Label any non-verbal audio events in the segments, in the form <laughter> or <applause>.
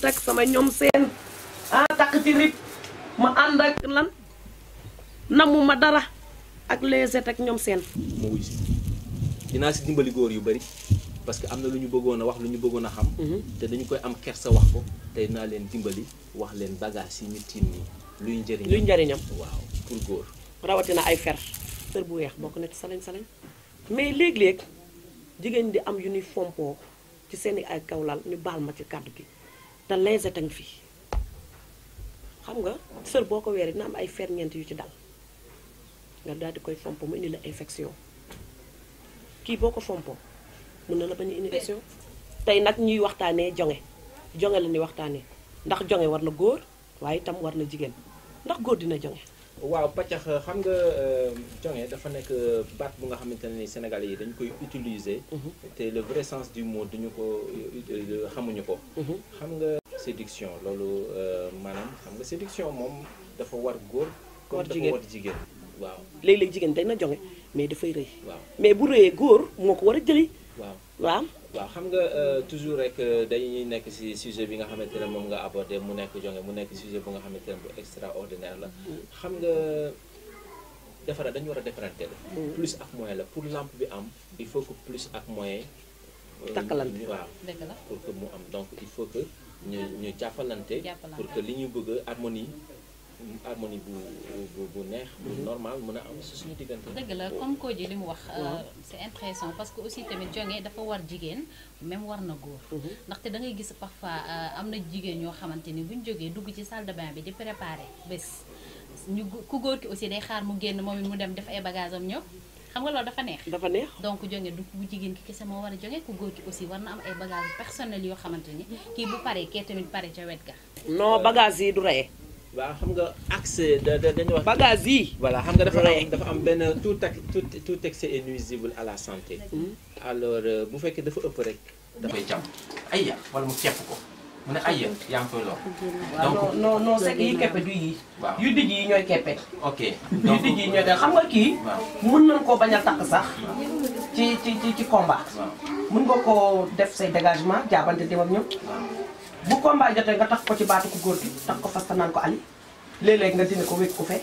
Tak sama ñom seen ah tak ci rip ma and ak lan namu ma dara ak les ak ñom seen dina ci dimbali góor yu bari parce que am luñu bëggona wax luñu bëggona xam mhm. té dañu koy am kersa wax ko té na leen dimbali wax leen bagage ci nit ni luy njëriñam luy ñam waaw pour rawati na ay fer fer bu wex bokku na ci salañ salañ mais léeg-léeg jigéen di am uniforme po, ci seen ay kawlal ñu bal ma ci kàddu te les tang fi xam nga seul boko wéré na am ay yu ci dal nga dal di koy mu indi la infection ki boko mu na la bañ infection tay nak ñuy waxtané jongé jongé la ni waxtané ndax jongé war na waye tam war na jigen ndax dina waaw xam nga euh, jonge euh, bu nga Sénégalais yi koy utiliser. Mhm. le vrai sens du mot duñu ko euh, xamuñu ko. Mhm. séduction loolu euh, maanaam xam nga séduction moom dafa war góor. war jigéen comme dafa war jigéen waaw. léeg-léeg jigéen day na jonge mais dafay rëy. waaw mais bu rëyee góor moo ko war a jëli. waaw waaw. waaw xam nga euh, toujours rek euh, dañuy nekk ci sujet bi nga xamante ne moom nga abordé mu nekk jonge mu nekk sujet bu nga xamante ne bu extraordinaire la. xam nga defara dañu war a defarante la. Mm. plus ak moyen la pour lampe bi am il faut que plus ak moyen. takkalante waaw pour que mu am donc il faut que. ñu ñu jàppalante pour que li ñu bëgg harmonie harmonie bu bu bu neex bu mhm. normal mën a am si suñu diggante dëgg la comme koo ji li mu wax euh, c'est intéressant parce que aussi tamit jonge dafa war jigéen même war na góor mhm. ndaxte da ngay gis parfois euh, am na jigéen ñoo xamante ni bu ñu jógee dugg ci salle bi di préparer bés ñu ku góor ki aussi day xaar mu génn moom it mu dem def ay bagages am ñëw xam nga loolu dafa neex. dafa neex donc jonge du bu jigéen ki kese moo war a jonge ko góor ki aussi war na am ay bagages personnels yoo xamante ni kii bu paree kee tamit pare ca wet ga. non bagages yi du reye. waaw xam nga accès da da dañuy wax. bagages yi. voilà xam nga dafa am dafa am benn tout tax tout tout excès est nuisible à la santé. Hmm? alors euh, bu fekkee dafa ëpp rek. dafay jàmm ay ya mu tepp ko. mu ne ay yëpp yaa ngi koy lor. donc non non yi keppe du yii. yu dijj yi ñooy keppe. ok donc yu dijj yi ñooy keppe xam nga kii. mun nañ koo bañ a takk sax. ci ci ci ci combat. mun nga koo def say dégagement jaabante dem ak ñoom. bu combat jotee nga tax ko ci baatu ko góor gi takk ko fas naan ko ali léeg-léeg nga dina ko wékk ko fee.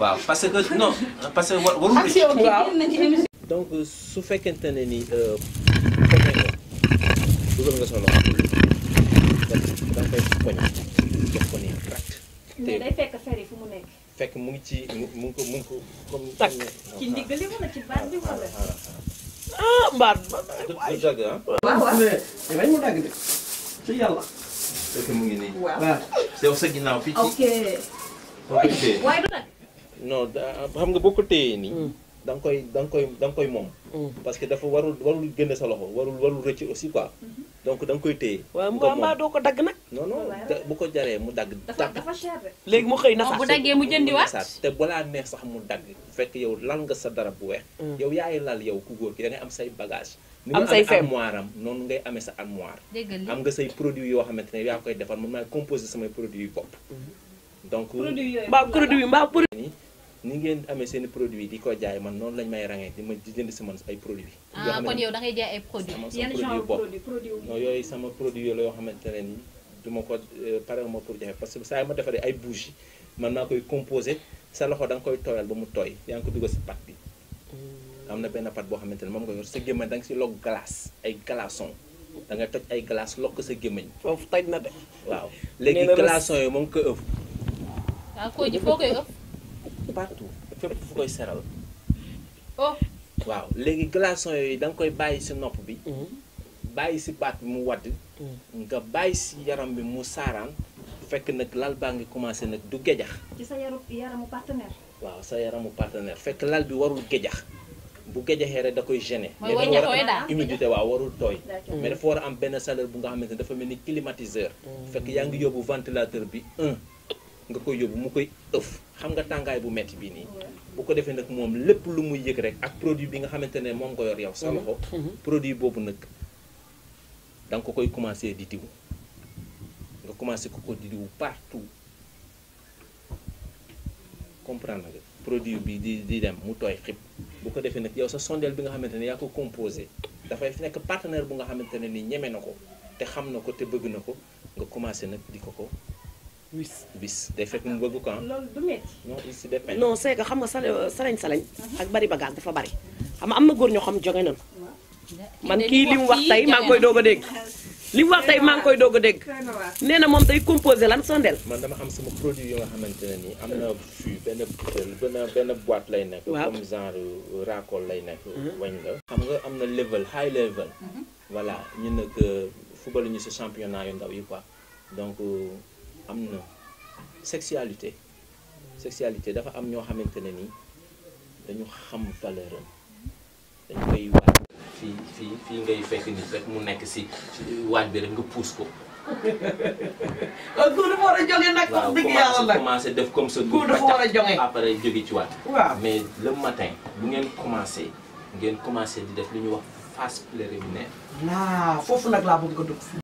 waaw parce ah, euh, euh, euh, que non parce ah. que warul. donc su fekkente ne ni poñe nga dugal nga sa loxo da nga koy poñe jox ko nii rat. te day fekk fer yi fu mu nekk. fekk mu ngi ci mu ngi ko mu ngi ko comme. takk ci ndigg li wala ci baat bi wala. ah mbaar. du jag ah. waaw waaw mais dinañ mu dagg de ci yàlla. fekk mu ngi nii. waaw yow sa ginnaaw fii ci. ok. waaye du nag. non xam nga boo ko téyee nii. Mm. da koy da nga koy da nga koy moom. Mm. parce que dafa warul warul génne sa loxo warul warul rëcc aussi quoi. Mm-hmm. donc da nga koy téye. waaw mu am doo ko dagg nag. non bu ko jaree mu dagg. dafa dafa cher léegi mu xëy nasaat ah, bu daggee mu jëndiwaat. te balaa neex sax mu dagg fekk yow lal nga sa darab bu weex. Mm. yow yaay lal yow ku góor ki da am say bagage am say fem ni mu amee noonu ngay amee sa armoire. am nga say produit yoo xamante ne yaa koy defar man maay composé samay produits bopp. Mm-hmm. donc produit yooyu mbaa produit ni ngeen amee seen produit di ko jaay man noonu lañ may rangee di ma di jënd si man ay produits. Ah, ay produits. yan genre produit produit non yoo xamante ne nii du ma ko euh, pare ma pour jafe parce que saa yi ma defaree ay bougie man naa koy composé sa loxo da nga koy tooyal ba mu tooy yaa ngi ko dugal si pat bi. Mm. am na benn pat boo xamante ne moom nga yor sa gémmañ da nga si log galaas ay glaçons da nga toj ay glace lokk sa gémmañ. foofu toj na de. waaw <laughs> léegi glaçons yooyu moom ko ëpp. waaw koo ji koy ëpp. partout fépp fu koy seral. oh. waaw léegi glaçon yooyu da nga koy bàyyi si nopp bi. Mm-hmm. bàyyi si baat bi mu wadd. Mm-hmm. nga bàyyi si yaram bi mu saaraan. fekk nag lal baa ngi commencé nag du gejax. ci sa yaramu partenaire. waaw sa yaramu partenaire fekk lal bi warul gejax. bu gejaxee rek da koy gêner. mais wëññe tooy daal humidité waaw warul tooy. mais dafa war a am benn chaleur bu nga xamante ne dafa mel ni climatiseur. Mm-hmm. fekk yaa ngi yóbbu ventilateur bi nga koy yóbbu mu koy ëf xam nga tàngaay bu metti bii nii bu ko defee nag moom lépp lu mu yëg rek ak produit bi nga xamante ne moom nga yor yow sa loxo mhm. Mhm. produit boobu nag da nga ko koy commencé di diw nga commencé ko ko di diw partout comprendre nga produit bi di di dem mu tooy xib bu ko defee nag yow sa sondeel bi nga xamante ne yaa ko composé dafay nekk partenaire bu nga xamante ne ni ñeme na ko te xam na ko te bëgg na ko nga commencé nag di ko ko wis bis day fekk mu bëgg ko ah. loolu du métti. non si dépend. non c'est que xam nga salañ salañ. ak bari bagage dafa bari. xam nga am na góor ñoo xam joge nañu. man kii li mu wax tey maa ngi koy doog a dégg. li mu wax tey maa ngi koy doog a dégg. nee na moom day composé lan sondel. man dama am sama produit yoo nga xamante ne nii am na fii benn benn benn boîte lay nekk. waaw comme genre racole lay nekk. Mhm. wañ la xam nga am na level high level. Mhm. voilà ñun nag football ñu si championnat yu ndaw yi quoi donc. amna sexualité sexualité dafa am ño xamante ne dañu xam valeur dañ koy waaj fi fi fi ngay fekk ni rek mu nekk si waaj bi rek nga pousse ko <laughs> ku dafa war a nak nag wax dëgg yàlla nag commencé def comme ça ku dafa war a après jóge ci waat waaw mais le matin bu ngeen commencé ngeen commencé di def lu ñuy wax phase préliminaire waaw fofu nak la bëgg ko dugg